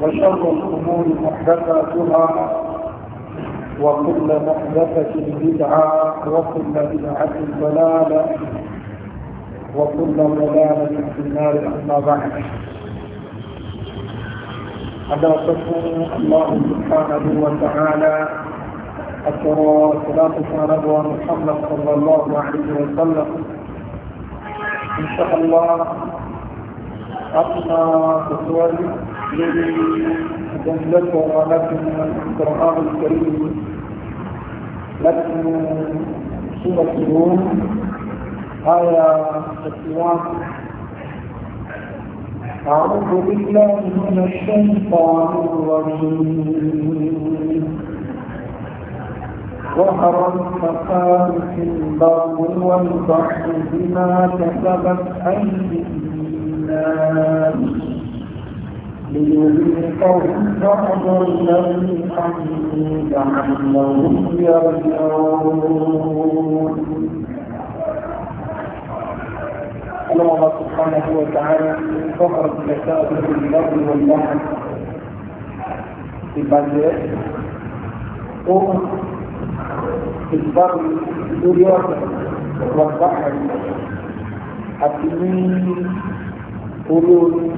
وشر الأمور محدثاتها وكل محدثة بدعة وكل بدعة ضلالة وكل ضلالة في النار أما بعد على تكون الله سبحانه وتعالى أترى صلاة نبوة محمد صلى الله عليه وسلم إن شاء الله أطلع تسوالي الذي ذكر لكم القرآن الكريم لكم سورة الروم آية 61 أعوذ بالله من الشيطان الرجيم ظهر الفساد في البر والبحر بما كسبت أيدي الناس ليذيقهم بعض الذي عملوا لعلهم يرجعون الله سبحانه وتعالى فقرة تساؤل البر والبحر في بلد قوم في البر دنيا والبحر حكيمين قلوب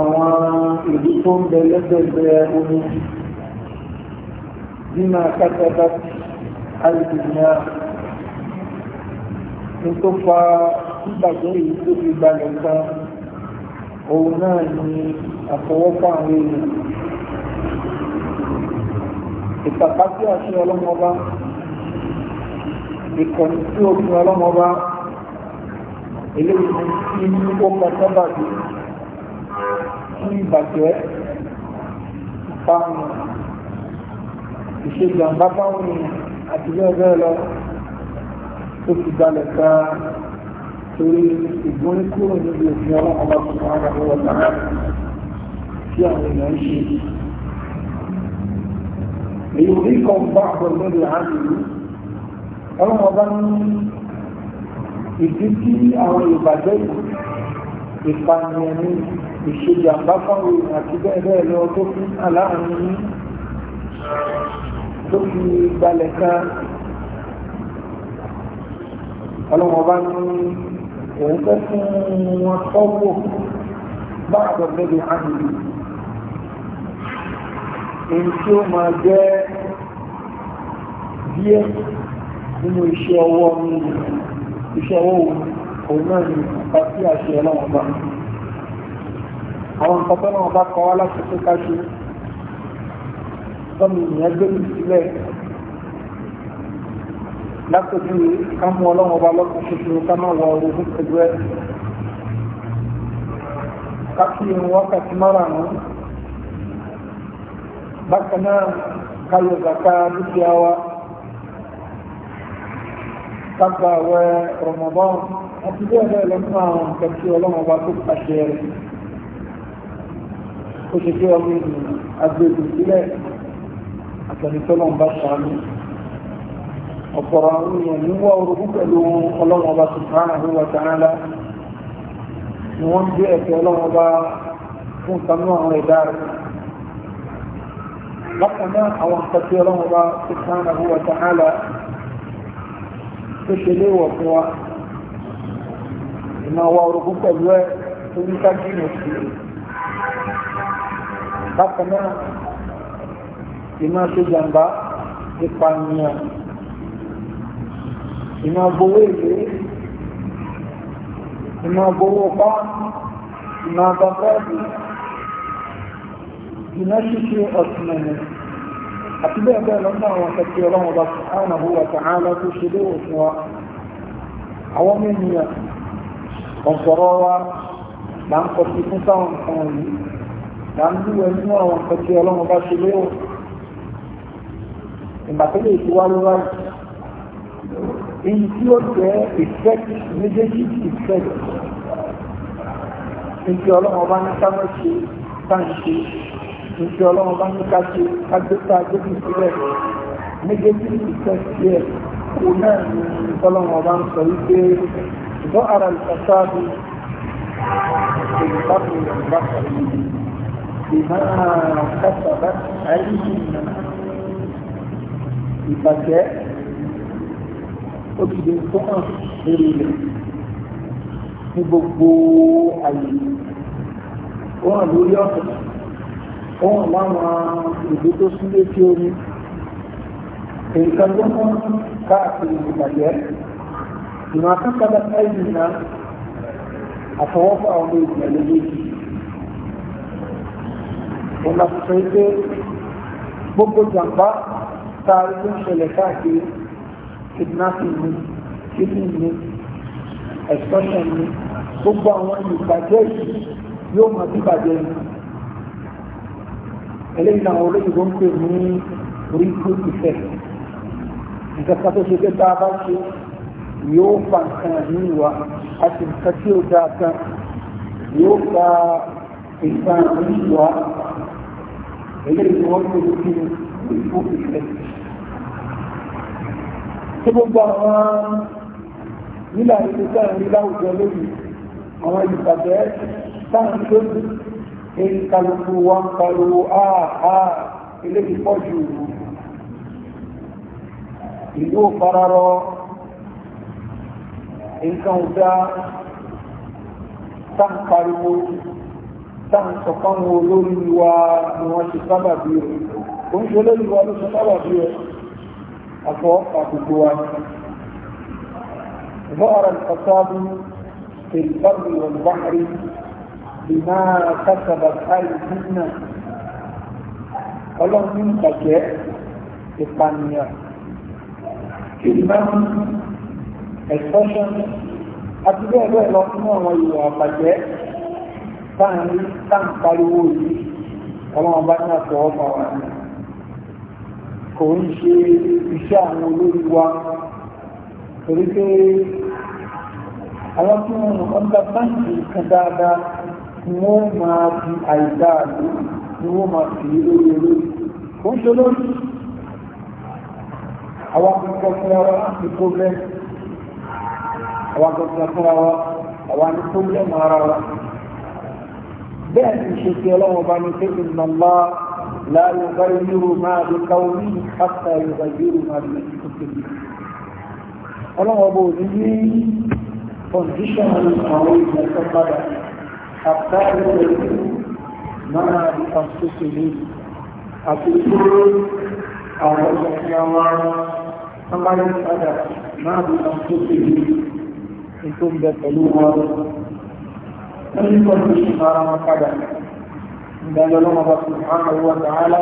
àwọn ìlú tó ń bẹ lẹ́gbẹ̀gbẹ̀ omi bímọ akátẹ́bá alìdìmíà ní tó fa ìgbàgbọ́ yìí tó fi gbalẹ̀ kan òun náà ni àfọwọ́pá àwọn èèyàn ìpàpá sí àṣẹ ọlọ́mọba ìkọ̀ní sí òfin ọlọ́mọba eléyìí tí ó kọ sábàbí sí ìbàjẹ́ báwọn ìṣèjàmbá báwọn àti bẹ́ẹ̀ bẹ́ẹ̀ lọ tó fi balẹ̀ gan-an torí ìgbóni kúrò níbi òfin ọlọ́run bá fún ara wọn náà tí àwọn èèyàn ń ṣe. èyí ò ní kan bá àpọ̀lọ́ lè hàn ìlú ọlọ́run bá ní ìdí tí àwọn ìbàjẹ́ ìpànìyàn ní ìṣèjàmbá fáwọn èèyàn àti bẹ́ẹ̀ bẹ́ẹ̀ lọ tó fi aláàrin ní tó fi gbalẹ̀ kan ọlọ́wọ́n bá ní òun fẹ́ fún wọn tọ́wọ́ bá àbọ̀bẹ́bẹ̀ àmìlì èyí tí ó máa jẹ́ díẹ̀ nínú iṣẹ́ ọwọ́ mi iṣẹ́ ọwọ́ òun náà ni àti àṣẹ ọlọ́wọ́n bá àwọn nǹkan tó náà bá kọ́ wá láti pé ká ṣe tọ́nu ìyẹn gbèrú sílẹ̀ lápẹ̀jú ká mú ọlọ́run ọba lọ́kàn ṣoṣo ká má wọ orogún pẹ̀lú ẹ̀ ká kí irun wákàtí márùn bákan náà ká yọ dúkìá wa ká àwẹ̀ Ramadan àti bẹ́ẹ̀ bẹ́ẹ̀ lọ́nà àwọn nǹkan tí ọlọ́run ọba tó pàṣẹ rẹ̀ ó ṣe pé ọmọ ìlú agbègbè sílẹ̀ àtẹnitọ́nà ń bá ṣàánú ọ̀pọ̀rọ̀ àwọn èèyàn níwọ̀ orogún pẹ̀lú ọlọ́wọ́n ọba subhanahu wa ta'ala ni wọ́n ń gbé ẹ̀fẹ́ ọlọ́wọ́n ọba fún kanú àwọn ẹ̀dá rẹ̀ bákan náà àwọn akẹ́kẹ́ ọlọ́wọ́n ọba subhanahu wa ta'ala tó ṣe léwọ̀ fún wa ìmọ̀ wa orogún pẹ̀lú ẹ̀ tó ní ká jìnnà sí i bákan náà ìmọ̀ tó jàǹbá nípa nìyàn ìmọ̀ gbowó èlé ìmọ̀ gbowó pa ìmọ̀ àbábọ́ọ̀dù ìmọ̀ ṣíṣe ọ̀túnmọ̀nì àti bẹ́ẹ̀ bẹ́ẹ̀ lọ́nà àwọn akẹ́kẹ́ ọlọ́run ọba subhanahu wa ta'ala tó ṣe léwò fún wa àwọn mẹ́niyàn ọ̀sọ̀rọ̀ wa là ń kọ́ sí fún sáwọn nǹkan yìí là ń lúwẹ̀ nínú àwọn nǹkan tí ọlọ́run bá ṣe léwọ̀ ìgbà tó lè ti wá ló wáyé èyí tí ó jẹ́ effect méjèèjì effect níbi ọlọ́run bá ní ká mọ̀ ṣe táǹṣe níbi ọlọ́run bá ní ká ṣe kágbéta gbégbé sílẹ̀ méjèèjì effect yẹ kó náà ní ọlọ́run bá ń sọ wípé ìbọn ara ìfàsáàbí èyí bá fi ìrìn bá bima kasabat aydihim ìbàjẹ́ ó ti di tó hàn lórí rẹ̀ ní gbogbo àyè ó hàn lórí ọ̀sẹ̀ ó hàn láwọn ìlú tó súnlé tí ó ní nǹkan tó hàn káàkiri ìbàjẹ́ ìmọ̀ akẹ́kọ̀ọ́ bá táyì nìyà àtọwọ́fà ọmọ ìgbàlódé yìí òun la sọ pé gbogbo jàǹbá táàrí tó ń ṣẹlẹ̀ káàkiri kidnapping ni kidney ni extortion ni gbogbo àwọn ìbàjẹ́ yìí yóò máa bí ni eléyìí náà olóyìnbó ń pè ní ripple effect nǹkan kan tó ṣe pé tá a bá ṣe yóò fa nǹkan ní ìwà àti nǹkan tí ó dáa kan yóò fa ìgbà oníwà eléyìí wọ́n tó kí ìfú ìfẹ́. Tí gbogbo àwọn nílà ìlú sáàrin láwùjọ lórí àwọn ìpàdé sáàrin lórí èyí kálukú wa ń pariwo àà eléyìí pọ̀ jù ìlú òfararọ nǹkan ọ̀dá sáà ń táwọn sọ fáwọn olórí wa ni wọ́n ṣe sábà bí rẹ̀ kò ń ṣe olórí wa ló ṣe sábà bí rẹ̀ àfọ àgbègbè wa ni ظهر الفساد في البر والبحر بما كسبت أيدي الناس ọlọ́run ní ìtàjẹ́ ìpànìyàn kìlìmọ́nì extortion àti bẹ́ẹ̀ bẹ́ẹ̀ lọ nínú àwọn ìwà àbàjẹ́ táàrin táà pariwo yìí ọlọ́run bá ní àtọ̀ ọ̀pá wa ni kò ń ṣe iṣẹ́ àwọn olórí wa torí pé àwọn tí wọn ń bá báńkì kan dáadáa ni wọ́n máa fi àìdáàlú ni wọ́n máa fi lórí olórí kò ń ṣe lórí àwọn akẹ́kọ̀ọ́ fúnra wa láti tó bẹ́ẹ̀ àwọn akẹ́kọ̀ọ́ fúnra wa àwọn akẹ́kọ̀ọ́ fúnra wa bẹ́ẹ̀ ni ṣe ti ọlọ́wọ́ bá ní pé ìnàlá láàyò bá yúrù máa bí káwí àtà ìwà yúrù máa bí ìtòkèlè ọlọ́wọ́ bó ní ní kọ̀ǹdíṣàn àwọn ìgbà tó padà àtà ìwà yúrù máa bí ìtòkèlè àti ìṣòro àwọn ìgbà tí àwọn ọmọ ìpadà máa bí ìtòkèlè ètò ń bẹ pẹ̀lú wọn ẹni kọlu sí ara wọn padà ìdájọ́ lọ́wọ́ bá fún àwọn owó àtàhálà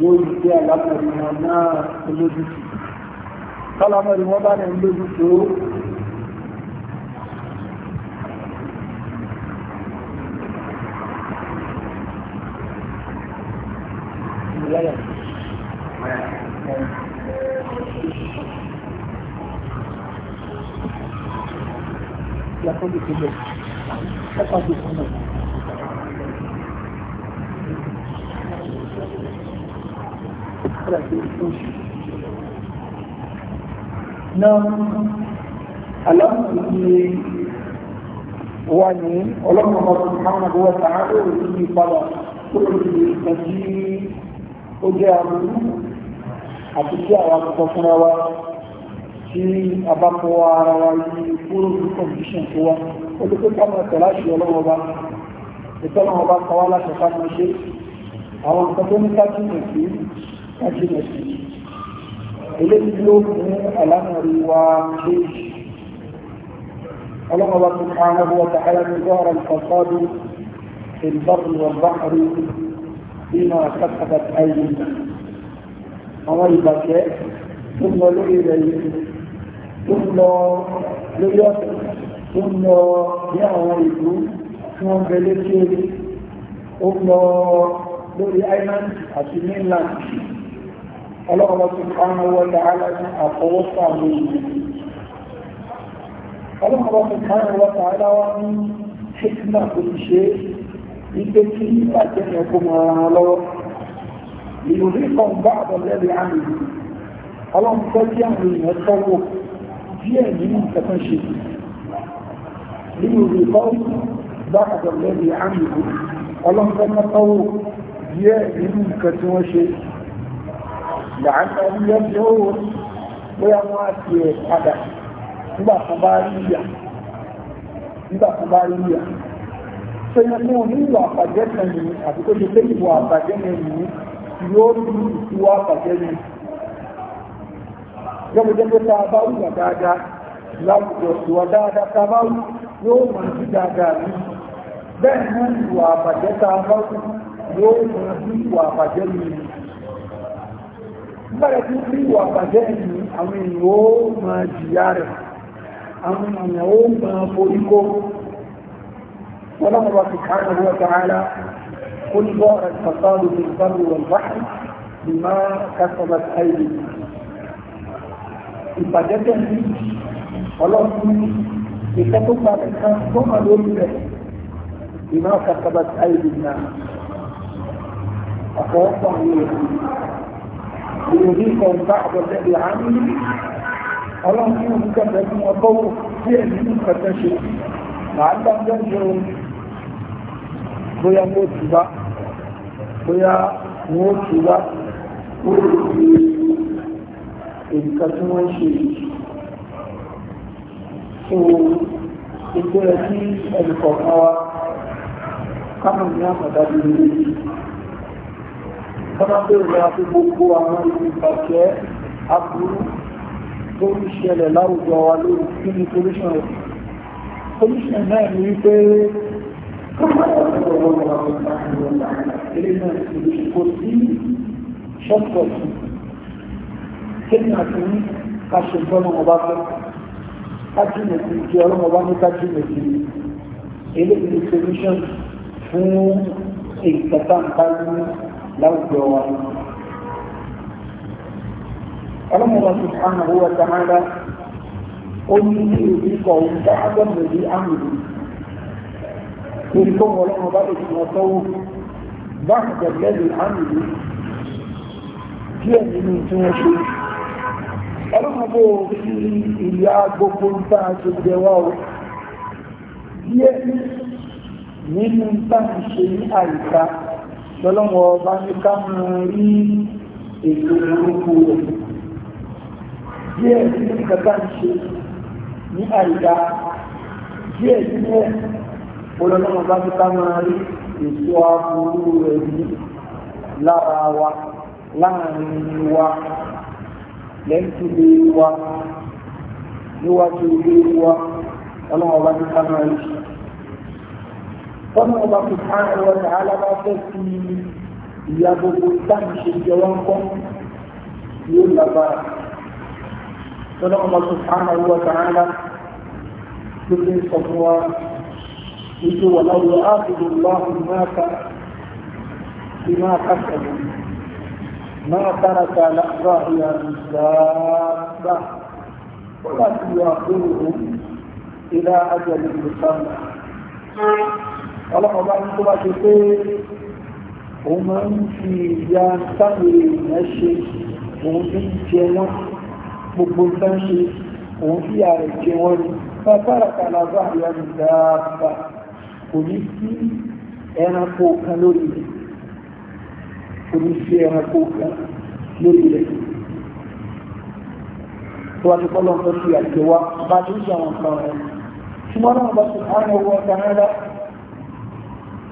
yóò di pé àlápẹ̀rẹ̀ wọn náà olójú sí kálámẹ̀rẹ̀ wọn bá ní olójú tó La condición pàdé fún mi. Náà aláàbòye wà ní ọlọ́pàá ọdún márùn-ún àbúwọ̀ sàárò ní ìpadà tó lè ìtàjí ó jẹ́ àbúrú àti tí àwọn akọ̀kọ̀ fúnra wa tí a bá kọ ara wa ní kúrò ní condition tó wá ó lè pé káwọn ẹ̀tọ́ láti ọlọ́wọ́ bá ẹ̀tọ́ náà bá kọ wá láti ọ̀ká máa ṣe àwọn nǹkan tó ní kájínà sí kájínà sí eléyìí ló fún àlámọ̀rí wa ṣe ọlọ́wọ́ bá tún àwọn ọmọ ọ̀tà ara ní gbọ́ra ìfọ̀sọ́dù ìbọ̀rù wọ̀báhàrù bímọ àkàkàbà àìyí àwọn ìbàjẹ́ tó ń lọ lórí rẹ̀ yìí tó ń lọ lórí ọ̀sẹ̀ tó ń lọ bí àwọn ìlú tí wọ́n bẹ létí orí ó lọ lórí island àti mainland ọlọ́run subhanahu wa ta'ala ní àfọwọ́sà lórí ọlọ́run subhanahu wa ta'ala wá ní hikma kò ti ṣe ipe tí ìbàjẹ́ yẹn kó mọ ara lọ́wọ́ ìlú rí kan bá àbọ̀lẹ́rì àmì ọlọ́run tó jẹ́ àwọn èèyàn tọ́wọ́ díẹ̀ nínú nǹkan tán ṣe nínú ìrìkọ́ bákàtọ̀ lẹ́bi àmì ọlọ́pẹ́ tọ́wọ́ díẹ̀ nínú nǹkan tí wọ́n ṣe làánà ilé ọjọ́ owó bóyá wọ́n á ti ẹ̀ padà nígbà tó bá rí ìyà nígbà tó lọ́pọ̀ jẹ́ pé tàà bá wùwà dáadáa láwùjọ ìwà dáadáa tàà bá wù yóò mọ̀ sí dáadáa rí bẹ́ẹ̀ náà ìwà àbàjẹ́ tàà bá wù yóò mọ̀ sí ìwà àbàjẹ́ mi bẹ́ẹ̀ tí sí ìwà àbàjẹ́ mi àwọn èèyàn ó mọ̀ jìyà rẹ̀ àwọn èèyàn ó mọ̀ foríkó ولما الله سبحانه وتعالى قل ظهر الفساد في البر والبحر بما كسبت أيديكم ìbàjẹ́ tẹ̀ ní ọlọ́run ní ìfẹ́ tó pa nǹkan tó hàn lórí rẹ̀ ìmọ̀ kàkàbà tí àìlè náà ọ̀pọ̀lọpọ̀ ní èdè ìròyìn ìkọ̀ ń bá àbọ̀dẹ́ ìhánú ọlọ́run ní òun kẹfẹ́ fún ọkọ̀ wò sí ẹ̀mí ní kẹfẹ́ ṣe màá gbàgbé ṣe o bóyá mo tù bá bóyá mo tù bá nǹkan tí wọ́n ṣe so ètò ẹ̀ tí ẹnìkọ̀ọ̀kan wa kánò ní àmọ̀dájú lórí kọ́nà bẹ̀rẹ̀ lọ́wọ́ pé gbogbo àwọn ìbàjẹ́ aburú tó ń ṣẹlẹ̀ láwùjọ wa lórí kí ni solution rẹ̀ solution náà ní wípé kọ́nà bẹ̀rẹ̀ lọ́wọ́ pé kò sí ṣọ́pọ̀tì kéèyàn àti ní ká ṣe gbọ́nà ọba fẹ́ ká jìnà sí ti ọlọ́mọ ọba ní ká jìnà sí eléyìí ní solution fún ìkẹta nǹkan ní láwùjọ wa. ọlọ́mọ ọba subhanahu wa ta'ala ó ní ní ìlú kọ̀ òun ká ágbọ́n lè àmì torí kó wọn lọ́mọ ọba lè fi wọn tọ́wọ́ bá àgbẹ̀lẹ́lẹ̀ àmì díẹ̀ nínú tí wọ́n ṣe ọlọ́mọbó fi ìyá gbogbo nta ṣe jẹ wá o díẹ̀ nínú nta ṣe ní àyíká lọ́lọ́mọ ọba ní ká mú rí ètò orúkú rẹ̀ díẹ̀ nínú kàtà ṣe ní àyíká díẹ̀ díẹ̀ olọ́lọ́mọ ọba ní ká mú rí ètò aburú rẹ̀ ní lára wa láàrin wa lẹ́yìn ilé wa níwájú ilé wa ọlọ́wọ́ bá ti ká náà rí. Tọ́nà ọba kò ká ẹ̀rọ tààlà bá fẹ́ fi ìyá gbogbo táàmì ṣe jẹ wọ́n kọ́ yóò lágbára. Tọ́nà ọba kò ká ẹ̀rọ tààlà ló ń sọ fún wa nítorí wà láwùjọ áàbùdó lọ́hùn-ún máa ká sí máa ká sọ̀rọ̀. ما ترك لأضاعي الدابة ولكن يأخذهم إلى أجل مسمى ọlọ́pàá bá ní tó bá ṣe pé òun máa ń fi ìyá sáwé ìyẹn ṣe òun tí ń jẹ wọ́n gbogbo tán ṣe òun tí ààrẹ jẹ wọ́n rí pátára kàlàbà ìyá nìdáàbà kò ní sí ẹranko kan lórí rẹ̀ oníṣe ẹranko kan lórí rẹ̀ tó wá ti kọ́ lọ́nkọ́ sí àjẹ wa bá a ti ń ṣe àwọn nǹkan rẹ̀ ṣùgbọ́n náà bá ti àwọn ọwọ́ ọ̀gá rárá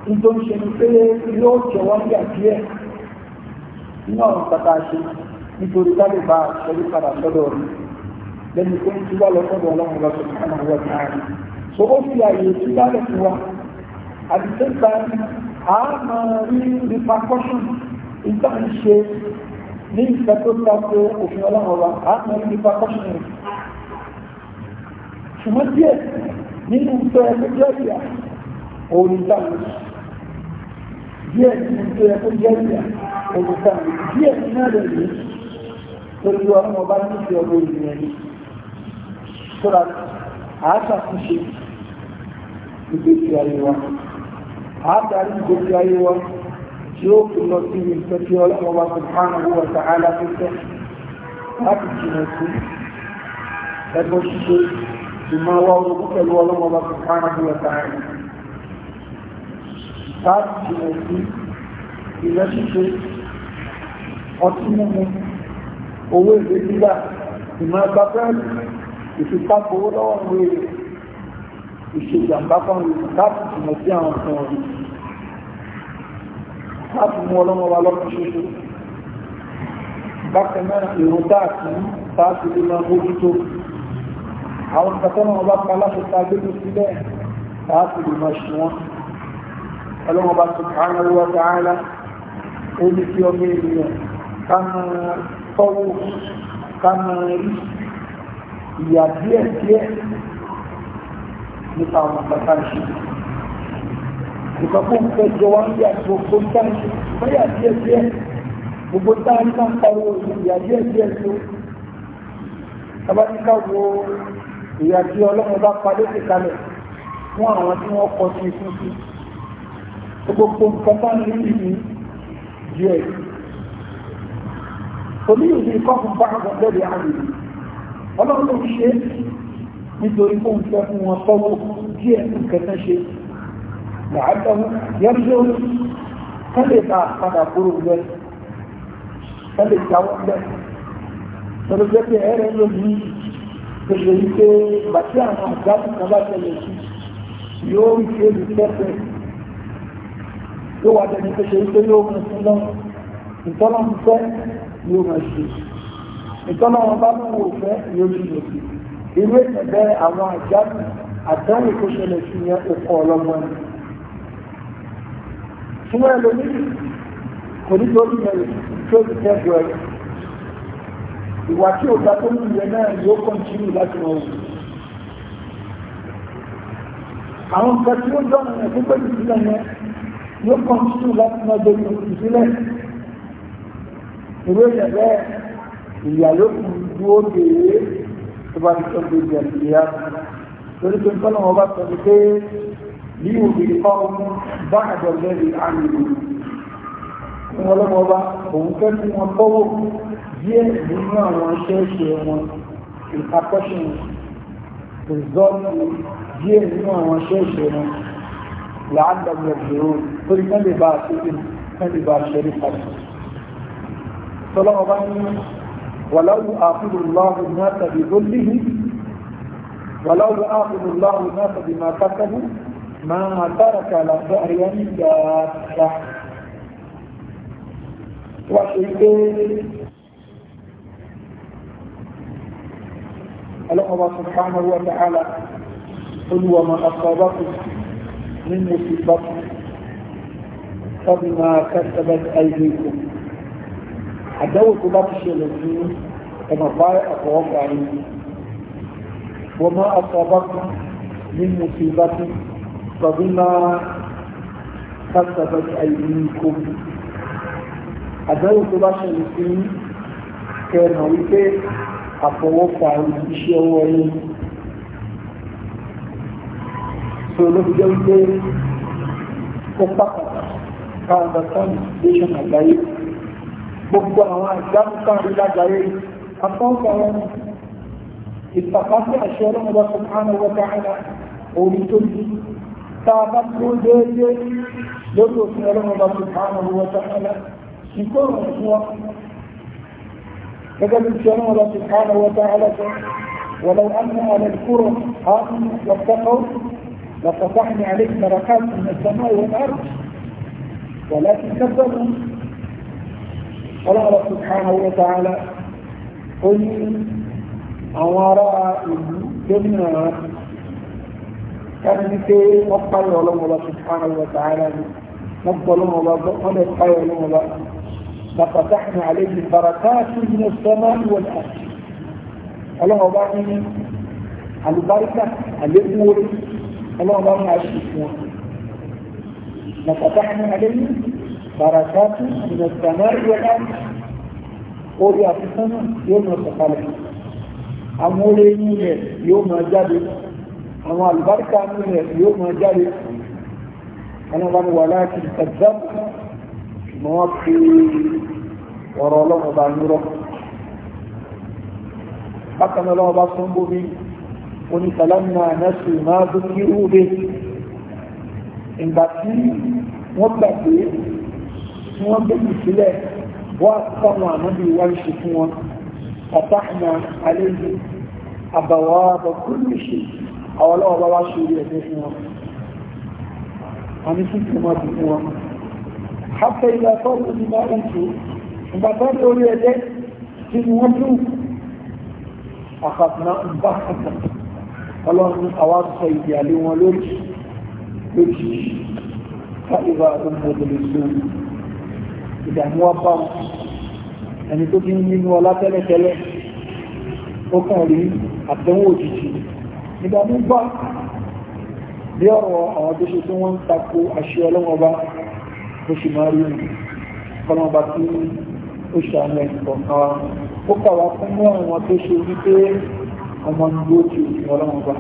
nítorí ṣe ni pé yóò jẹ wá ní àdíẹ̀ nínú àwọn kàtà ṣe nítorí dábì bá ṣẹlú padà sọ́dọ̀ rẹ̀ lẹ́nu pé ń ti wá lọ́sọ̀dọ̀ ọlọ́run lọ́sọ̀ àwọn ọwọ́ ọ̀gá rẹ̀ so ó repercussions ìgbà ń ṣe ní ìfẹ́ tó tako òfin ọlọ́run ọba àmọ́ nípa kọ́ṣìnì ṣùgbọ́n díẹ̀ nínú tó ẹgbẹ́ jẹ́ ìyá òun ìgbà ń díẹ̀ nínú tó ẹgbẹ́ jẹ́ ìyá òun ìgbà ń díẹ̀ nínú ẹ̀rọ yìí torí ọlọ́run ọba ní ìfẹ́ ọgbọ́n ìgbìyànjú yìí tó ra àátàkùnṣe ìgbésí ayé wa àátàrí ìgbésí ayé wa tí ó fi lọ sí ìfẹ́ tí ọlọ́wọ́ subhanahu wa ta'ala tó tẹ́ láti jìnà sí ẹgbẹ́ ṣíṣe ìmọ̀wá orogún pẹ̀lú ọlọ́wọ́ subhanahu wa ta'ala láti jìnà sí ilẹ̀ ṣíṣe ọtí mímu owó èdè gbígbà ìmọ̀ ẹgbà bẹ́ẹ̀lì ìfipágbowó láti mú ọlọ́mọba lọ́pọ̀ ṣoṣo bákan náà èrò dáàkì táàkì lè máa mójútó àwọn kàtọ́nà ọba pa láti ta gbẹ́gbẹ́ sílẹ̀ táàkì lè máa ṣe wọ́n ọlọ́mọba subhanahu wa ta'ala ó ní kí ọmọ ènìyàn ká tọ́wọ́ ká rí ìyà díẹ̀ nípa àwọn kàtà ìṣèlú nǹkan tó ń fẹ́ jọ wá ń yà tó tó ń tán wọ́n yà díẹ̀ díẹ̀ gbogbo táwọn náà pariwo ìyà díẹ̀ díẹ̀ tó tabaríkà wo ìyà tí ọlọ́run bá padé ti kalẹ̀ fún àwọn tí wọ́n kọ sí ikú sí gbogbo nǹkan bá ìlú díẹ̀ torí ìlú ikọ́ fún bá àwọn lórí àmì ọlọ́run ló ń ṣe nítorí kó ń fẹ́ fún wọn sọ́wọ́ díẹ̀ nǹkan tán ṣe làádọ́mú yẹ́njú kán lè ta padà kúrò bẹ́ kán lè jáwọ́ bẹ́ lọ́dọ̀ jẹ́ pé ẹ̀rẹ́ lóbi gbèsè yìí pé bàtí àwọn àgbàtì kan bá tẹ̀lé sí yóò rí ṣe lè tẹ́tẹ́ yóò wà tẹ̀lé gbèsè yìí pé yóò mú sí lọ́wọ́ ìtọ́nà ń fẹ́ yóò máa ṣe ìtọ́nà wọn bá mú wò fẹ́ yóò ṣe lè fi irú ìtẹ̀bẹ́ àwọn àjáde àtẹ́wò tó ṣẹlẹ̀ sí yẹn ó kọ́ ọlọ́gbọ́n ni súnmọ́ ẹlòmíì kò ní lórí mẹ́rin tó ti tẹ́jú ẹ ìwà tí ò dákó ní ilẹ̀ náà yóò kọ́ntínú láti wọn wù àwọn nǹkan tí ó dọ́nà ẹ̀ tó pẹ̀lú ìsílẹ̀ yẹn yóò kọ́ntínú láti wọn gbé ìsílẹ̀ ìwé yẹn bẹ́ẹ̀ ìyà yóò kù dúró dèé tó bá ti tọ́jú ìyà ìyá torí pé nǹkan náà wọ́n bá sọ ليذيقهم بعد الذي عملوا ọlọ́mọ ọba òun fẹ́ kí wọn tọ́wọ́ díẹ̀ nínú àwọn ṣẹ́ẹ̀ṣẹ́ wọn ìpapọ́ṣìn rìsọ́ọ̀tì díẹ̀ nínú àwọn ṣẹ́ẹ̀ṣẹ́ wọn làádọ́gbọ̀ ìṣòro torí kán lè bá àṣírí kán lè bá àṣírí padà tọ́lọ́mọ bá ní wàláwù àfihàn lọ́wọ́ ما ترك لظهريا دابة وشيء الله سبحانه وتعالى قل وما أصابكم من مصيبة فبما كسبت أيديكم عدوك بطش الذين كما قال أقوام عليه وما أصابكم من مصيبة فبما كسبت أيديكم àdánwò tó bá ṣẹlẹ̀ sí kẹrìnà wípé àfọwọ́fà iṣẹ́ ọwọ́ yìí tó ló fi jẹ́ wípé ó pàtàkì káàdà tọ́nì station àgbáyé gbogbo àwọn àgbáǹkàrí lágbàáyé àfọwọ́fà wọn ìtàkásí àṣẹ ọlọ́mọdé sọ̀kánà wọ́n dáhàlà orí tó yìí تعبت كل ذلك يدرس علم سبحانه وتعالى في كل ولو أن أهل الكرة آمن واتقوا لفتحنا عليك بركات من السماء والأرض ولكن كذبوا قال الله سبحانه وتعالى قل أورأى الجنة láti ní pé wọ́n pààyàn ọlọ́mọba tó pààyàn wọ̀ tààrà ni wọ́n gbọ́ ọlọ́mọba gbọ́ wọ́n lè pààyàn ọlọ́mọba لفتحنا عليه البركات من السماء والأرض الله بعني البركة الأمور الله بعني الشكوى لفتحنا عليه بركات من السماء والأرض قول يا سنة يوم الصفالة أمولي يوم الجبل àwọn àlùbáríkà nínú ẹ̀ yóò máa jáde wọn bá ní wà láti ẹ̀dá ṣùgbọ́n wọ́n fi ọ̀rọ̀ ọlọ́run bá nírọ̀ bákan náà lọ́wọ́ bá sún bóbi oníkàlámà nẹ́sù máa dúkìí rúbe ìgbà tí wọ́n gbàgbé tí wọ́n gbèjì sílẹ̀ wọ́n àtúkọ̀wọ̀n ànábì wáyé ṣe fún wọn ọ̀tá àmà àlejò àbàwọ̀ àbàkúrú ìṣèjì àwọn ọlọ́wọ́ bá wá ṣe orí ẹ̀fẹ́ fún wọn a ní sí kí wọ́n bí fún wọn hafẹ́ ilẹ̀ tọ́lù ní bá ń tó ìgbà tó ní orí ẹ̀jẹ́ tí wọ́n tún àkàtúná ń bá kàtà ọlọ́run àwa sọ ìdí àlé wọn lórí lórí ká ìbá ọmọ òdòdó sí ìdààmú wa bá ẹni tó ti ń nínú ọlá tẹ́lẹ̀tẹ́lẹ̀ ó kàn rí àtẹ̀wò òjijì nígbà mú gbá bí ọ̀rọ̀ àwọn tó ṣe tí wọ́n ń tako àṣẹ ọlọ́wọ́ba tó ṣe máa rí ní kọlọ́ba tí ó ṣe àwọn ẹ̀kọ́ kan ó kàwá fún mọ́ àwọn tó ṣe wípé ọmọ ń dúró ti òfin ọlọ́wọ́ba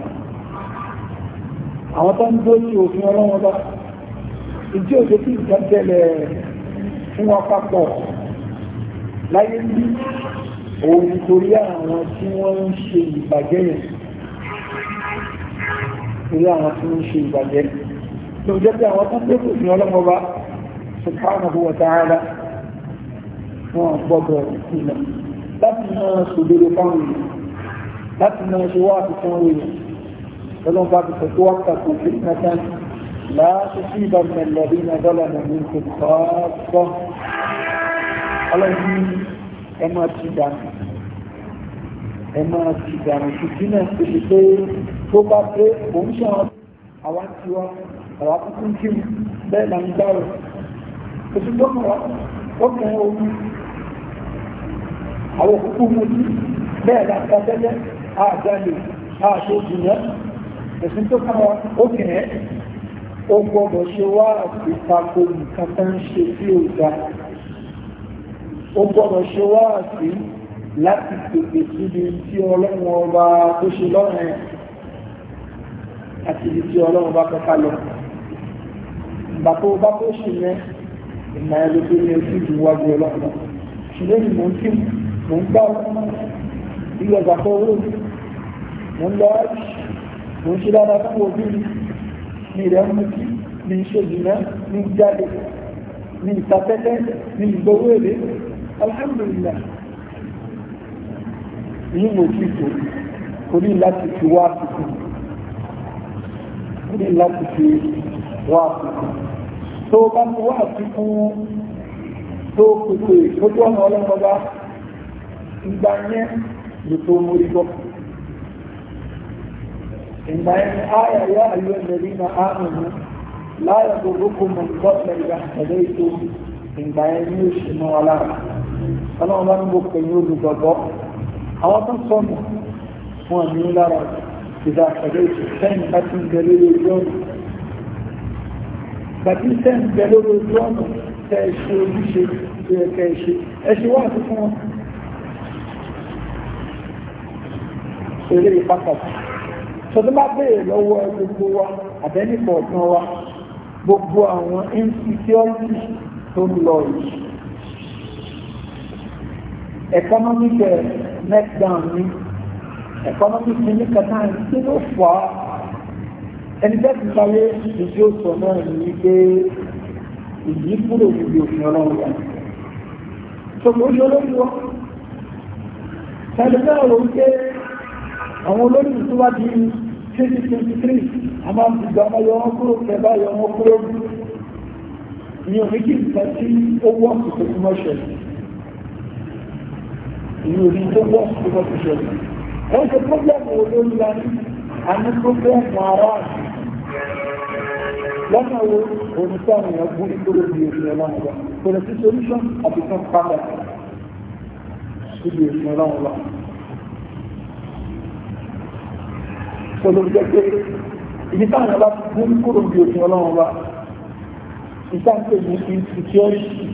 àwọn tó torí àwọn tí wọ́n ṣe ìbàjẹ́ ló jẹ́ pé àwọn tó pépè ní ọlọ́mọba subhanahu wa ta'ala wọn gbọ́dọ̀ ìpìlẹ̀ láti máa ṣòdodo fáwọn èèyàn láti máa ṣe wá àtúntàn èèyàn ọlọ́run bá ti sọ tó wá pàtó sí nàtàn láti sí ìbámu ẹ̀lẹ́rí náà dọ́là náà ní kò kọ́ ọlọ́run ní ti dànù ẹ ti dànù ṣùgbọ́n náà tó bá pé òun ṣe àwọn tí wọ́n àwọn akúkún kí mú bẹ́ẹ̀ na ń dáwọ̀ oṣù tó mọ̀ ọkàn ogun àwọn òkúkú mú sí bẹ́ẹ̀ na ta tẹ́lẹ̀ àjálè àṣẹ ìjìnà ẹ̀sùn tó kàn wá ókè ẹ́ ó gbọ́dọ̀ ṣe wá ìtako nǹkan tó ṣe sí òga ó gbọ́dọ̀ ṣe wá sí láti pèpè síbi tí ọlọ́run ọba tó ṣe lọ́rùn ẹ̀ àti ibi tí ọlọ́run bá kọ́ka lọ. ìgbà tó bá tó ṣì yẹn ìmọ̀ ẹ̀rọ tó ní ojú ìlú wájú ọlọ́run lọ. ṣùgbọ́n mò ń kí mò ń gbá ilẹ̀ ìgbàpọ̀ owó mò ń lọ mò ń ṣe dáadáa fún ojú mi ní ìrẹ́ mú kí ní ṣe jùlọ ní jáde ní ìtafẹ́fẹ́ ní ìgbowó èlé alhamdulillah ní mo ti tò kò ní láti fi wá tuntun ní láti fi wá àfikún tó bá ti wá àfikún tó kúkú ìfojú ọ̀nà ọlọ́mọba ìgbà yẹn lè tó mórí bọ́ ìgbà yẹn ni áyà yá ayé ẹ̀mẹ̀rí na áàmù láyà gbogbo mọ̀ gbọ́dọ̀ ìgbà tẹ̀lé ètò ìgbà yẹn ni ó ṣe mọ́ wa lára ọlọ́mọba ń gbọ́ pẹ̀lú olùgbọ̀gbọ́ àwọn tó sọnù wọn ní lára rẹ̀ إذا قضيت السن أتم دليل الجنة bàtí sẹ́ǹ bẹ lórí ojú ọ̀nà tẹ́ ṣe ojúṣe tó yẹ kẹ́ ṣe ẹṣẹ́ wà sí fún wọn eré ìpápàtà tọ́tọ́ bá bèèrè lọ́wọ́ gbogbo wa àbẹ́nìkọ̀ ọ̀tán wa gbogbo àwọn insecurity tó ń lọ yìí economic breakdown ni ẹ̀kọ́nọ́mí ti ní kẹta tí ló fà á ẹni bẹ́ẹ̀ ti sáré ìdí òsò náà ní pé ìdí kúrò níbi òfin ọlọ́run wa tòmó yọ lórí wọn tẹ̀lé náà ló ń pé àwọn olórí tó wá di twenty twenty three a máa ń gbogbo ọmọ yọ kúrò kẹfà yọ kúrò ní oríkì nǹkan tí ó wọ́ kòtò tó ṣẹlẹ̀ ní tó wọ́ kòtò tó ṣẹlẹ̀ wọ́n ṣe pọ́blẹ́mù olórí la ní àní pọ́blẹ́mù ara lọ́nà wo oníṣẹ́ àwọn èèyàn gún nítorí òbí òfin ọlọ́run lọ kò lè sí solution àti fún padà síbi òfin ọlọ́run lọ. kò ló jẹ́ pé ibi táwọn ọba ti gún kúrò bí òfin ọlọ́run lọ ìtàkùn ní insecurity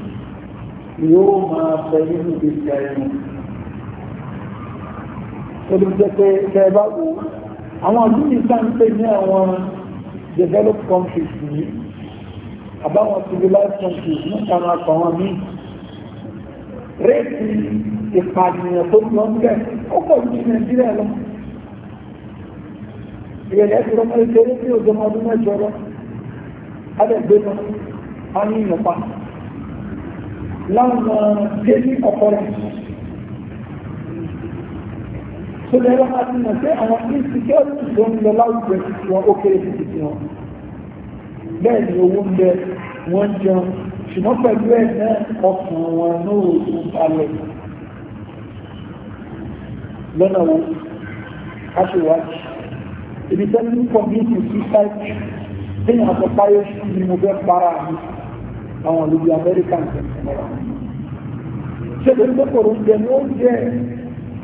ni ó máa fẹ́ nínú ìgbésí ayé wọn pẹ̀lú jẹ́ pé ṣe bá wù àwọn ìlú ní sáńpé ní àwọn developed countries yìí àbáwọn civilized countries ní kan àtàwọn míì réèkì ìpànìyàn tó lọ ń bẹ̀ ó pọ̀ ju nàìjíríà lọ ìrẹ̀lẹ̀ ti rọ́mọ ìṣeré tí òjò ọmọ ọdún mẹ́jọ lọ adẹ́gbẹ́mọ á ní ìyànpa láwọn daily occurrences tó lè rán láti mọ̀ pé àwọn insecurity tó ń lọ ou títí wọn ó kéré títí tí wọn bẹ́ẹ̀ ni owó ń bẹ wọ́n jẹun ṣùgbọ́n pẹ̀lú ẹ̀ náà ọkàn wọn náà ò tún balẹ̀ lọ́nà wo aṣèwádìí ibi tẹ́lẹ̀ ní kọ́míìtì suicide téèyàn àti páyé ni mo fẹ́ para mi àwọn olùdí amẹ́ríkà ń tẹ̀sán mọ́ra ṣé lórí pé kòrò ń jẹ ní oúnjẹ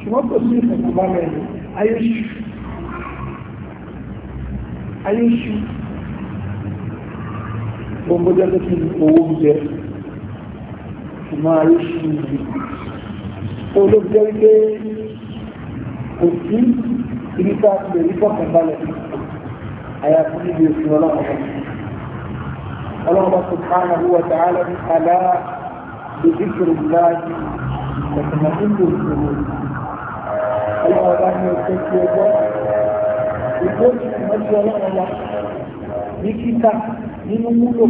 ṣùgbọ́n kò sí ìfẹ̀kùnbalẹ̀ ayéṣù ayéṣù gbogbo jẹ́ tó fi owó jẹ ṣùgbọ́n ayéṣù yìí olóògbé wípé kò sí ibi tá a ti lè rí fọ̀kànbalẹ̀ àyàfi níbi òfin ọlọ́pàá ọlọ́pàá subhanahu wa ta'ala ní àlá بذكر الله وتنقل القلوب ọlọ́run bá ní oṣù tí ó gbọ́ ìgbóni ìmọ̀jú ọlọ́run wa ní kíkà nínú múlò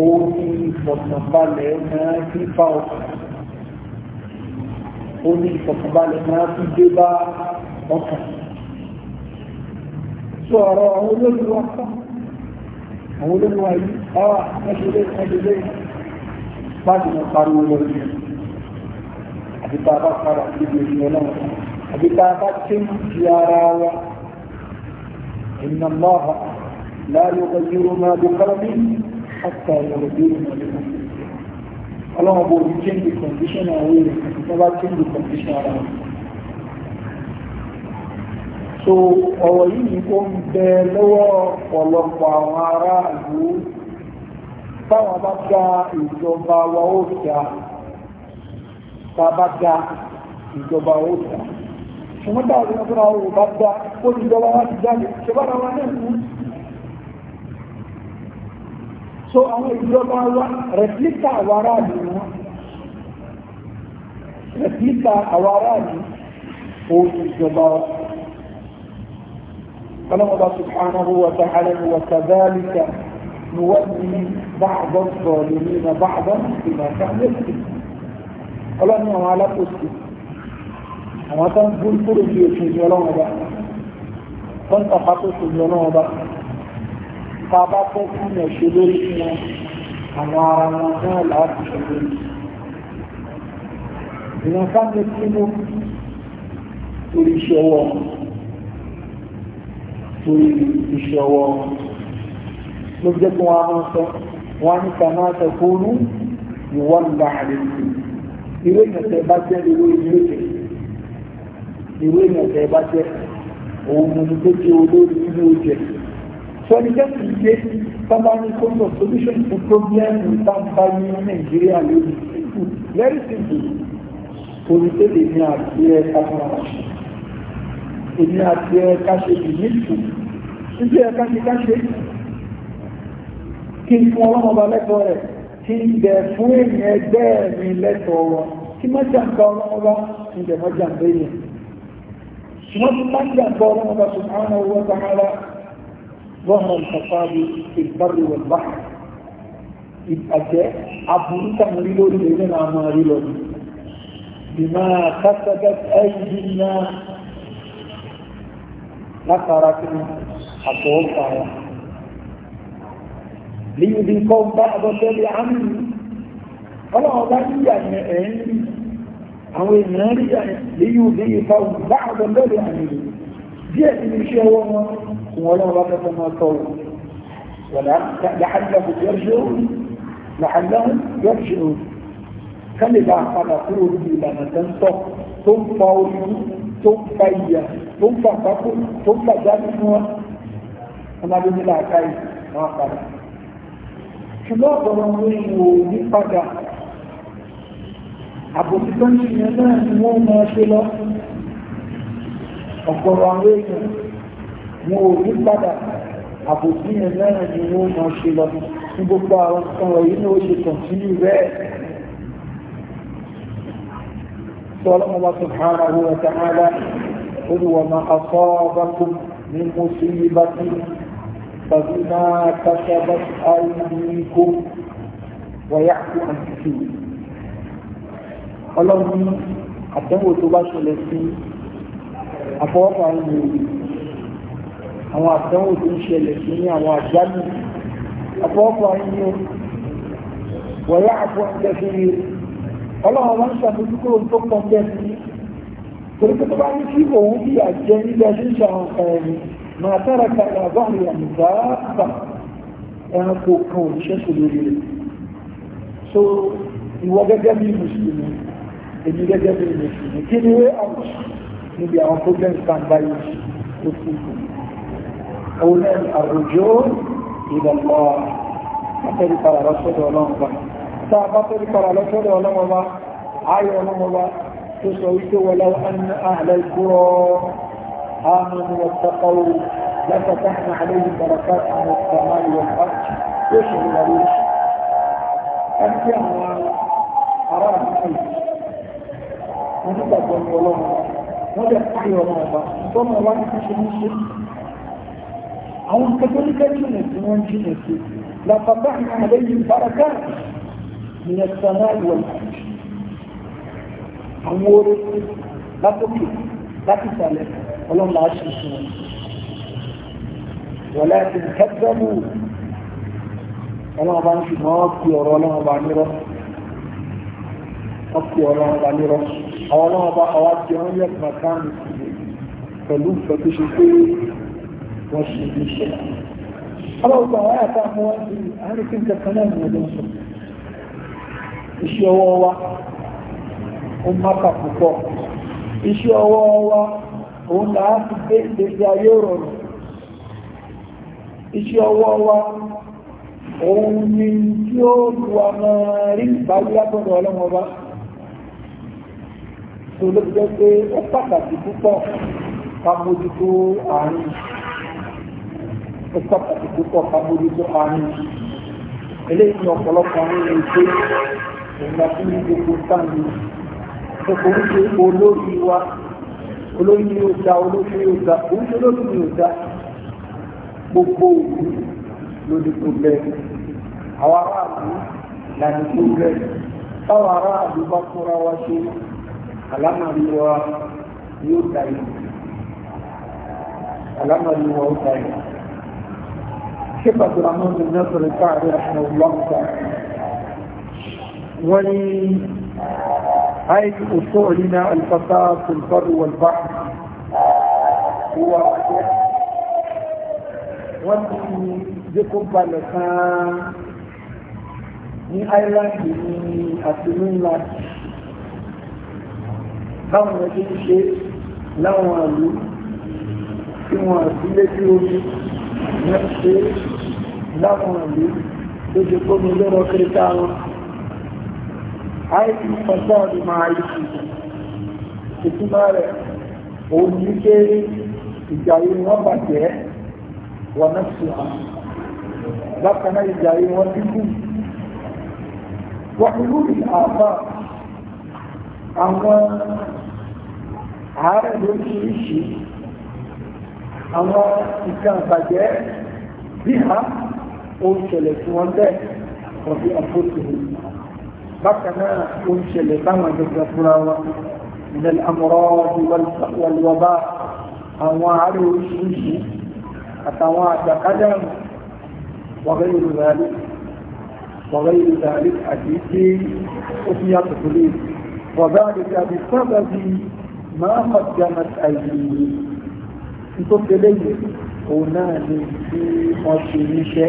òun ni ìfọ̀kànbalẹ̀ máa fi fa ọkàn òun ni ìfọ̀kànbalẹ̀ máa fi dé bá ọkàn sọ ọ̀rọ̀ àwọn olóòlùwà kan àwọn olóòlùwà yìí ọ̀rọ̀ ẹ̀ṣẹ̀lẹ̀ ẹ̀ṣẹ̀lẹ̀ láti mọ̀ pariwo lọ́wọ́ àti bàbá padà sí ibi ìṣẹ̀lẹ̀ náà àbí tá a bá tí ń fi ara wa inna Allah la yughayyiru ma bi qawmin hatta yughayyiru ma bi anfusihim ọlọ́run bò ní change condition àwọn èèyàn tó change condition ara wọn. so ọ̀rọ̀ yìí ó ń bẹ lọ́wọ́ ọ̀pọ̀lọpọ̀ àwọn aráàlú táwọn bá gba ìjọba wa ó dá tá a bá gba ìjọba ó ṣùgbọ́n bá ọdún ọdún àwọn òbá gba ó ti dọ́wọ́ wá ti jáde ṣẹbára wa náà mú so àwọn ìjọba wa rẹ̀pílítà àwọn aráàlú wọn rẹ̀pílítà àwọn aráàlú òun ìjọba wa فلما سبحانه وتعالى وكذلك نولي بعض الظالمين بعضا بما كان يكسب قال انه على قصه àwọn tó ń gbórí kúrò sí òfin ìjọ ọlọ́run ọba tó ń tàpá tó sí ìjọ ọlọ́run ọba tá a bá fẹ́ kí ilẹ̀ ṣe lórí fún wọn àwọn ara wọn náà láti ṣe lórí. ìyẹn ká lè sínú torí iṣẹ́ torí iṣẹ́ ló jẹ́ kí wọ́n á máa sọ wọ́n á ní kàmáà tẹ̀kọ́ òru ìwọ́n ń bá ìwé ìtẹ̀tẹ̀ bá jẹ́ ìwé ìlú ìwé ìrìnàjò bá jẹ́ òun mọ̀tò tó jẹ́ olórí nínú oúnjẹ. sọ ni jẹ́ kìí jẹ́ sábàáni kóńtò solution to problem ìtàǹfà ní nàìjíríà lórí very simple olùtẹ́lẹ̀ ní àti ẹ̀ káfíńà èmi àti ẹ̀ káṣe yìí nìtù títí ẹ̀ káṣe káṣe kí n fún ọlọ́mọba lẹ́tọ̀ọ́ rẹ̀ kí n bẹ̀ fún èmi ẹgbẹ́ mi lẹ́tọ̀ọ́ wọn kí má jàǹkà ọlọ́mọba kí bẹ̀ má jàǹkà èèyàn ṣùgbọ́n tí wọ́n gbàgbọ́ ọlọ́run ọba ظهر الفساد في البر والبحر ìbàjẹ́ aburú tàbí lórí ilé náà máa rí lọ bí máa kásẹ̀gẹ́ ẹ̀yí náà látara kí ni àtọ̀ọ́fà wa lè àwọn ènìyàn rí léyìn òbí ipa bá àwọn lọ́rẹ̀ àmìlò díẹ̀ nínú iṣẹ́ ọwọ́ wọn kùn wọn lọ́wọ́ bá fẹ́ máa tọ́ wọn làálàhùn yọ́ṣẹ́rùn làálàhùn yọ́ṣẹ́rùn kálẹ̀ bá padà kúrò níbi ìlànà tó ń tọ́ tó ń fa orí ṣùgbọ́n ọ̀pọ̀lọpọ̀ ń ní padà àbòsítọ́ ní ìyẹn náà ni wọ́n máa ṣe lọ ọ̀pọ̀rọ̀ àwọn èèyàn wọn ò ní padà àbòsí yẹn náà ni wọ́n máa ṣe lọ ní gbogbo àwọn ọ̀rọ̀ yìí ni ó ṣe tàn sí rẹ̀ sọ́lọ́mọba subhanahu wa ta'ala olùwọ̀mà asọ́ọ́bàkùn ní musibati fàbí náà kásábàkùn àìníkùn wọ̀yá kú àti kìí ọlọ́run ní àtẹ́wò tó bá ṣẹlẹ̀ sí àfọwọ́fà ìlú àwọn àtẹ́wò tó ń ṣẹlẹ̀ sí ní àwọn àjálù àfọwọ́fà ìlú wọ̀yá àpò ìjẹ́sí rí ọlọ́run wọn ń ṣàmójúkò tó pọ̀ bẹ́ẹ̀ sí torí pé tó bá ní kí òun bí àjẹ nílẹ̀ ṣíṣe àwọn ẹ̀rìn máa tẹ́ra kalẹ̀ àbáwọn ìyàmì sáábà ẹranko kan òṣìṣẹ́ sọ lórí so ìwọ gẹ́gẹ́ bí mùsùlùmí èmi gẹ́gẹ́ bí mi sì ní kí ni wé àwọn níbi àwọn problem stand by ló kú òun náà ni àròjó ìdàgbà afẹ́rí para lọ́sọ́dọ̀ ọlọ́run bá tá a bá fẹ́rí para lọ́sọ́dọ̀ ọlọ́run bá ayọ̀ ọlọ́run bá tó sọ wípé wọlé àhàlẹ́ ìkúrọ̀ آمنوا واتقوا لفتحنا عليهم بركات من السماء والأرض يشهد الريح أنت أراد أيضا wọ́n ti gbàgbọ́ ní ọlọ́run wọ́n jẹ́ pé ọmọ ọba tọ́mọ wa ní ṣíṣe ní ṣe àwọn kẹtọ́líkẹ́ jìnà tí wọ́n jìnà sí lápapá àlẹ́ yìí báraka ní ẹ̀sán náà wọ̀ àwọn oore látòkè láti sàlẹ̀ ọlọ́run láà ṣe fún wọn wọ̀lá ti kẹ́tẹ́mù ọlọ́run bá ń ṣùgbọ́n ọ̀pì ọ̀rọ̀ ọlọ́run bá nírọ̀ ọ̀pì ọ̀rọ̀ ọlọ́run bá nírọ̀ àwọn ọlọ́wọ́ bá àwọn àti àwọn yẹ kàkánì pẹ̀lú nǹkan tó ṣe pé wọ́n ṣe ní iṣẹ́. ọlọ́wọ́ bá àwọn àti àwọn wá sí àárín kí nǹkan kan náà ní ọdún sọ. iṣẹ́ ọwọ́ wa ó mápa púpọ̀ iṣẹ́ ọwọ́ wa òun là á fi gbé ìgbésí ayé rọrùn iṣẹ́ ọwọ́ wa òun ni tí ó lu àwọn rí ìbáwí látọ̀dọ̀ ọlọ́wọ́ tó ló fi jẹ́ pé ó pàtàkì púpọ̀ ká mójútó àárín ó pàtàkì púpọ̀ ká mójútó àárín eléyìí ni ọ̀pọ̀lọpọ̀ àwọn èèyàn pé ìgbà tí ní gbogbo sáàmì oríṣi olórí wa olórí ni ó da olórí ni ó da olórí ni ó gbogbo òkú lórí pọ̀lẹ́mù àwọn aráàlú làní pọ̀lẹ́mù táwọn aráàlú bá fúnra wa ṣe àlámàrí wa yóò darí àlámàrí wa ó darí ṣé pàtó àwọn ọmọ náà sọ̀rọ̀ káàrí àṣà ọlọ́pàá wọ́n ní عين أصولنا الفساد في البر والبحر هو wọ́n ti jẹ́ kó balẹ̀ kan ní áìláńdì ní àtìlú ńlá báwọn yẹn ti ń ṣe láwọn àlú tí wọn àti létí omi ní ṣe láwọn àlú tó ṣe kó mi lọ́rọ̀ kíríkà wọn àìsí fọ́sọ́ọ̀dù máa yí sí ìtumọ̀ rẹ̀ òun ní pé ìjà yìí wọ́n bàjẹ́ wọ́n náà sùn àwọn bákan náà wọ́n dínkù wọ́n ìlú ìhàfà àwọn àárẹ̀ lóríṣiríṣi àwọn nǹkan àbàjẹ́ bí ha ó ń ṣẹlẹ̀ tí wọ́n bẹ́ẹ̀ wọ́n fi àpótò bákan náà ó ń ṣẹlẹ̀ táwọn ìjọba fúnra wọn ilẹ̀ àmọ́rọ́ wọlọ́bá àwọn àárẹ̀ oríṣiríṣi àtàwọn àjàkádàrù wọ́gẹ́ ìrùbáyé وغير ذلك حديث أثنيات الخليل وذلك máa kọ̀ sí ọmọ àìsí tó tẹ̀lé yìí òun náà ni tí wọ́n ṣe níṣẹ́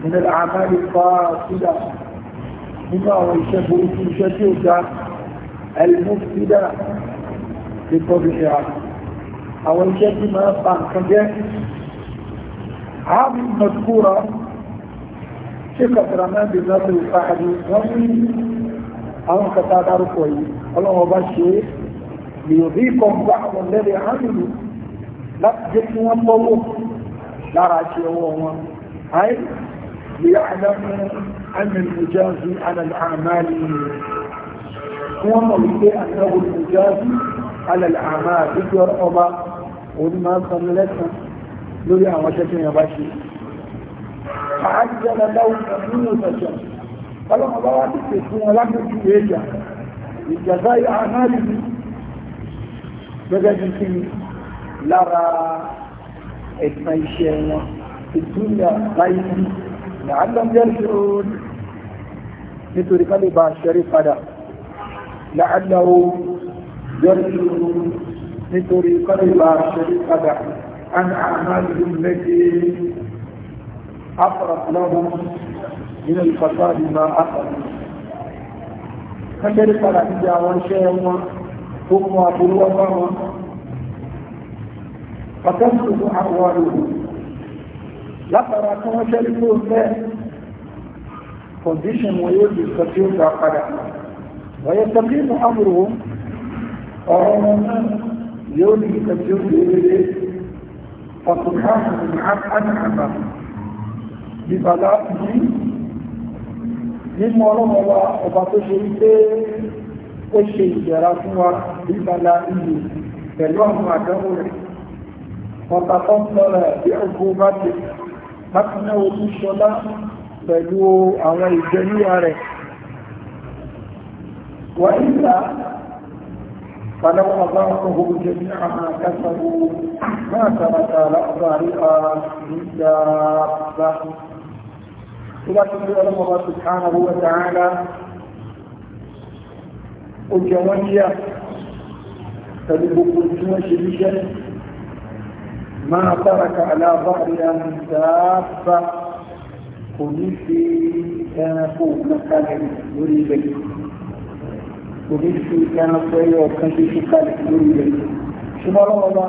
nínú àmàlì pa sídà nínú àwọn iṣẹ́ burúkú iṣẹ́ tí ó ga ẹ̀lmú sídà lè kọ́ bí ṣe àwọn iṣẹ́ tí máa pa nǹkan jẹ́ عامل مذكورة شركة رمان بالناصر الفاحدي ومن أمام كتاب أرقوي اللهم بشير lèyòbí kan bá àwọn lẹ́rẹ̀ ánìlú láti jẹ́ kí wọ́n tọ́wọ́ lára ṣe ọwọ́ wọn àì lè àdámú àmì ìjáàzí alàlàmàlì wọ́n mọ̀ wípé àtàwò ìjáàzí alàlàmàlì jọ ọba onímọ̀ san lẹ́sàn lórí àwọn ṣẹ́kẹ́ yẹn bá ṣe àájẹ́ lọ́wọ́ nínú ìtọ̀jọ́ ọlọ́mọba wá ti pè fún wọn lágbègbè ìjà ìjàzá àmàlì gẹ́gẹ́ bí kí lára ẹ̀sán iṣẹ́ wọn ìdúnyà láyé bí ní àdánjẹ́rì òní nítorí ká lè bá ṣẹ́rí padà láàdáwó jẹ́rì òní nítorí ká lè bá ṣẹ́rí padà an àmàlù méje afọ̀rọ̀lọ́wọ́ nínú ìfàtàlì máa afọ̀rọ̀ tó mú aburú wá bá wọn pàtàkì fún àwọn àrùn látara tí wọ́n tẹ́lẹ̀ tó bẹ́ẹ̀ condition wọn yóò di sọ tí ó gbà padà wọ́n yẹ tẹ́lẹ̀ nínú àmúrò ọ̀rọ̀ wọn náà yóò di sọ tí ó gbé wéré فسبحانه أنعم ببلاء من مولى الله وبطشه ó ṣe ìjẹ̀ra fún wa bíbala ìlú pẹ̀lú àwọn àdánwò rẹ̀ ọ̀tàkọ́ lọ́rọ̀ bí ọgbọ́n bá ti bákan náà ojú ṣọlá pẹ̀lú àwọn ìjẹníwà rẹ̀ wà nígbà فلو أضاقه جميع ما كسبوا ما ترك ó jẹ wọ́n níyà pẹ̀lú gbogbo tí wọ́n ṣe níṣẹ́ máa tàràkà aláàbá àríyàmù dáàbà kò ní fi ẹranko kankalẹ̀ lórí ilẹ̀ kò ní fi ẹranko ẹyọ kan ṣe ṣe kalẹ̀ lórí ilẹ̀ ṣùgbọ́n lọ́wọ́ ló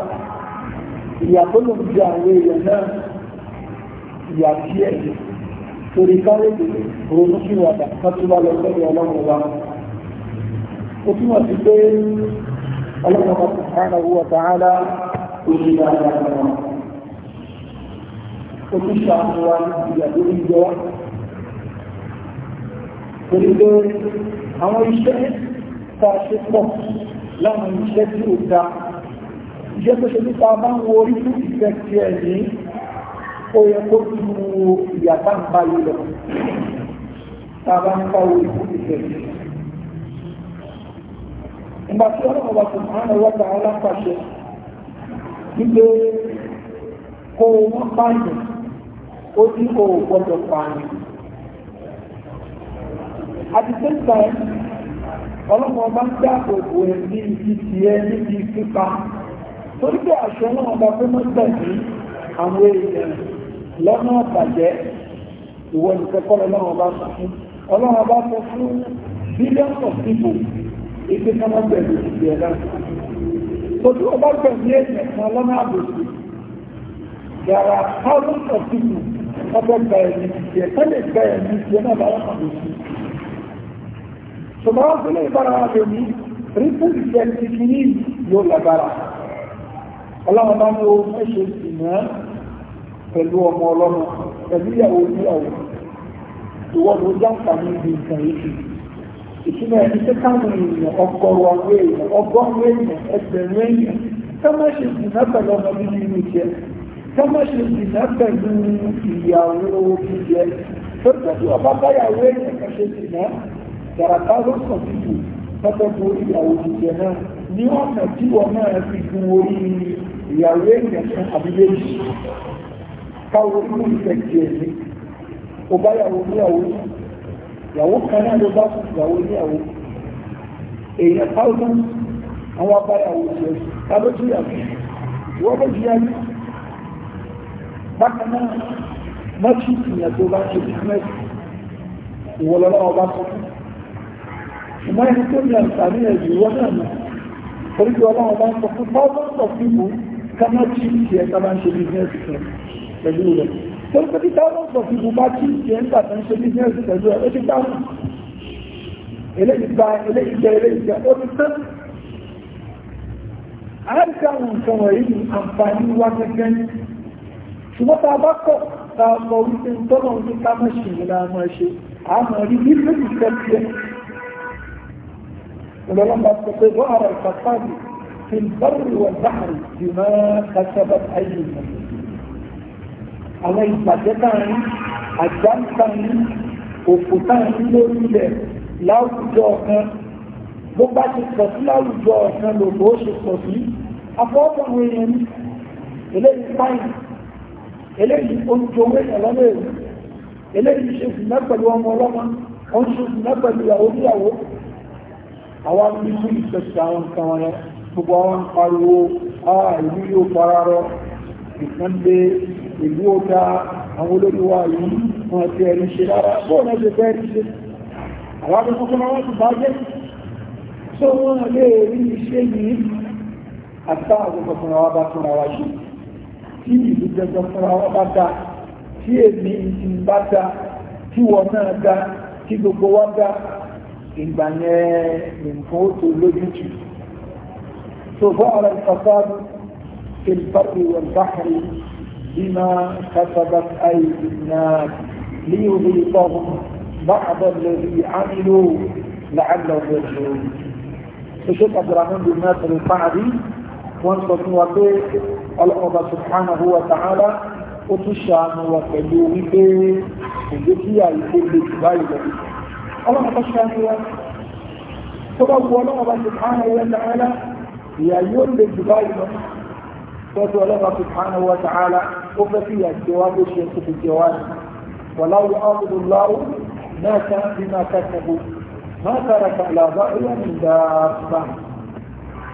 ń jẹ àwọn èèyàn náà ìyà díẹ̀ torí káwé ronú sí wàdà ká tó bá lọ sọ́dọ̀ ọlọ́run wa ó túmọ̀ sí pé ọlọ́pàá subhanahu wa ta'ala ó ṣe dáadáa fún wọn ó tún ṣàánú wa níbi ìyàdórí jọ torí pé àwọn iṣẹ́ tá a ṣe pọ̀ láwọn iṣẹ́ tí ó da iṣẹ́ tó ṣe nípa bá ń wo orí fún ìfẹ́ tí ẹ̀ ní ó yẹ kó tu ìyàtá ń bá lọ tá bá ń ká ìfẹ́ tí ẹ̀ nígbà tí ọlọ́run bá tún àwọn alápàṣẹ wípé kó wọ́n pààyàn ó ní o gbọ́dọ̀ pààyàn. at the same time ọlọ́run ọba ń dáàbò bò ẹ̀ ní ibi tiẹ̀ níbi pípa torí pé àṣẹ náà ọba fẹ́ mọ́ tẹ̀lé àwọn èèyàn lọ́nà àbàjẹ́ ìwọ lọ́wọ́ bá sọ fún sọ fún billions of people ìpín kan wọ́n pẹ̀lú ìdí ẹ̀dá tó tí wọ́n bá pẹ̀lú ẹ̀sìn kan lọ́nà àbòsí yàrá thousands of people ọgbẹ́ gba ẹ̀mí ìdí ẹ̀kọ́ lè gba ẹ̀mí ìdí ẹ̀nà bá wọn àbòsí ṣùgbọ́n wọ́n fún ìbára wọn lè ní rípù ìfẹ́ ti fi ní yóò lágbára ọlọ́run bá ní ohun ẹ̀ṣẹ̀ ìmọ̀ pẹ̀lú ọmọ ọlọ́run pẹ̀lú ìyàwó ìyàwó ìwọ́n ló jáǹfà ní ibi ìtumọ̀ ẹni tó káwọn èèyàn ọgọ́rọ̀ àwọn èèyàn ọgọ́rùn èèyàn ẹgbẹ̀rún èèyàn ká má ṣe dìnnà pẹ̀lú ọmọ bíbí inú jẹ ká má ṣe dìnnà pẹ̀lú ìyàwó bíbí jẹ tó tẹ́tí ọba báyàwó èèyàn kan ṣe dìnnà yàrá ló sàn dìbò tọ́tọ́ bu ìyàwó bíbí jẹ náà ní ọ̀nà tí wọn náà fi gun orí ìyàwó èèyàn kan àbí méjì káwọn orí mú ìfẹ̀ tiẹ̀ ní ọba yàwó níyàwó náà ìyàwó kan náà ló bá fún ìyàwó níyàwó èèyàn thousand àwọn abáyàwó ti ẹ̀sùn tàbí tó yàtọ̀ ìwọ́n bó di ayé bákan náà mọ́tì ìyàn tó bá ṣe business ìwọ̀lọ́lá ọba fún ṣùgbọ́n ẹni tó ní àǹfààní ẹ̀jù ìwọ́n náà nù torí pé ọlọ́run bá sọ fún thousands of people ká mọ́tì ìyàn bá ń ṣe business pẹ̀lú rẹ̀ torí pé títà ọlọ́pọ̀ fi bùbá tí ìjẹ́ ń gbàtà ń ṣe bísíẹ̀sì pẹ̀lú ẹ̀ ó ti gbà wọn eléyìí gba eléyìí jẹ eléyìí jẹ ó ti tán àárín àwọn nǹkan wọ̀nyí ni àǹfààní wá gẹ́gẹ́ ní ṣùgbọ́n tá a bá kọ̀ tá a mọ wípé tọ́nà ní ká má ṣe ìlà máa ṣe àmọ́ rí ní lórí ìfẹ́fẹ́ ìlọ́lọ́mà sọ pé wọ́n ara ìfàfáàdì fi bárùwẹ̀ báàrì jù máa kásábà ayé ìmọ̀lẹ́ àwọn ìbàjẹ́ táàrin àjálù táàrin òkú táàrin lórí ilẹ̀ láwùjọ ọ̀kan bó bá ti pọ̀ sí láwùjọ ọ̀kan lòbó ṣe pọ̀ sí afọ́ọ̀pọ̀ àwọn èèyàn ní eléyìí fáìn eléyìí oúnjẹ owó èèyàn lọ́nà èrò eléyìí ṣe sì mẹ́ ó ṣe sì mẹ́ pẹ̀lú àwọn amúnisú ìfẹsẹ̀ àwọn nǹkan wọn gbogbo àwọn pariwo àà yóò fara rọ ìkan lé ìlú ọ̀gá àwọn olóríwá yìí wọ́n ti ẹni ṣe rárá bóò náà ṣe fẹ́ rí ṣe àwọn akẹ́kọ̀ọ́ tó máa wọ́n ti bá jẹ́ tó wọ́n lè rí iṣẹ́ yìí àtàwọn akẹ́kọ̀ọ́ fúnra wa bá fúnra wa ṣe tí ìlú jẹjọ fúnra wa bá dáa tí èmi ti bá dáa tí wọ́n náà dáa tí gbogbo wa dáa ìgbà yẹn nǹkan ó tó في البر والبحر بما كسبت ايدي الناس ليذيقهم بعض الذي عملوا لعلهم يرجعون الشيخ عبد الرحمن بن ناصر القعدي وانصر الله سبحانه وتعالى وتشان وكيوم به وذكي على كل شيء الله تشان وكيوم به سبحانه وتعالى يا يوم الجبايل fẹ́tù ọlọ́pàá subhanahu wa ta'ala ó fẹ́ sí ìyàjẹwà bó ṣe tó fi jẹwà ní wàláwù áwùdù láwù náà ká bí máa ká tẹ̀bù máa kára ká làbá ìyá ní dáàbà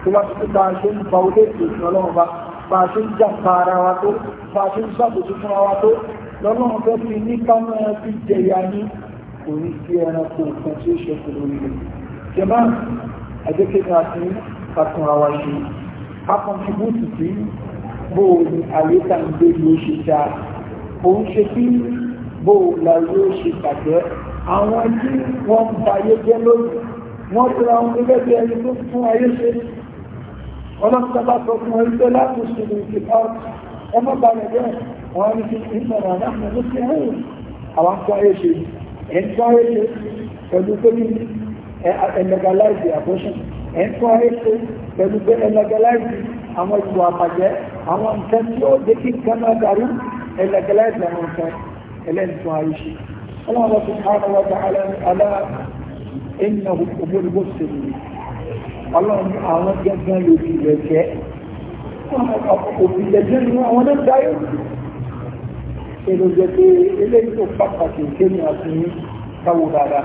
tó bá tó bá ṣe ń ba olé ètò ìṣọlọ́wọ́ bá bá ṣe ń jàǹkà ara wa tó bá ṣe ń ṣàbòsí fún wa tó lọ́lọ́run fẹ́ fi ní ká máa fi jẹyà ní kò ní sí ẹranko kan tí ó ṣe kò lórí rẹ̀ máa àjẹkẹ́ni àti kàtún àwa yìí ká kọ́ntribútì sí bóòlù àlékà ń gbé yóò ṣe dáa òun ṣe bí bóòlù àyè ṣe bàjẹ́ àwọn tí wọ́n ń ba ayé jẹ́ lónìí wọ́n tẹ́ra wọn gẹ́gẹ́ bí ẹni tó fún ayé ṣe ọlọ́pàá sọ fún ẹni tó láti ṣèlú ìfipá ọmọ balẹ̀ jẹ́ wọ́n ní kí n sọ̀rọ̀ aláàmì ló ti hàn àwọn tó ayé ṣe ẹ̀ ń tó ayé ṣe pẹ̀lú pé ní ẹ̀mẹ̀gàláìsì àbọ̀ṣẹ̀ ẹ̀ńtọ́ ètò pẹ̀lú pé ẹlẹgẹlẹ́sì àwọn ìlú àpàjẹ́ àwọn nǹkan tí ó dé kí nǹkan náà dàrú ẹlẹgẹlẹ́sì àwọn nǹkan ẹlẹ́nìtàn àìṣe ọlọ́run ti ká ọwọ́ ta alá ẹ̀yìnà ògbólógbò sèlú ọlọ́run àwọn gẹ́gẹ́ lòdì rẹ̀ jẹ́ òbí jẹ́jẹ́ nínú àwọn náà dáyọ̀ èrò jẹ́ pé eléyìí tó pàtàkì kéèmì àti káwò dáadáa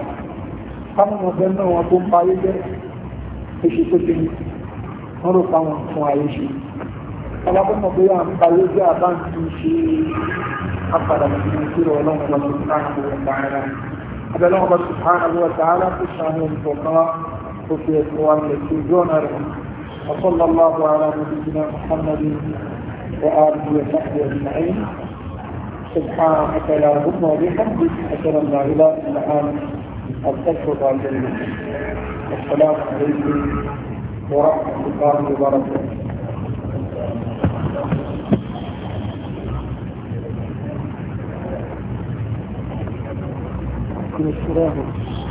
káwọn ọ̀gá náà wọn tó ń parí bẹ́ẹ̀ tó ṣe tó ṣe wọ́n rò pa wọn fún ayé ṣe alábọ́mọ̀ pé à ń ba lójú àbáǹtì ṣe apàdà nínú ìṣirò ọlọ́run lọ sí káàkó ọ̀tàrà abẹ́lẹ́ wọn bá sì káàkó ọ̀tàrà tó ṣàánú ìfọ̀kan tó fi ẹ̀sùn wa lè fi ojú ọ̀nà rẹ̀ وصلى الله على نبينا محمد وآله وصحبه أجمعين سبحانك لا هم وبحمدك أشهد أن لا إله إلا أنت أستغفرك وأتوب والسلام عليكم ورحمة الله وبركاته من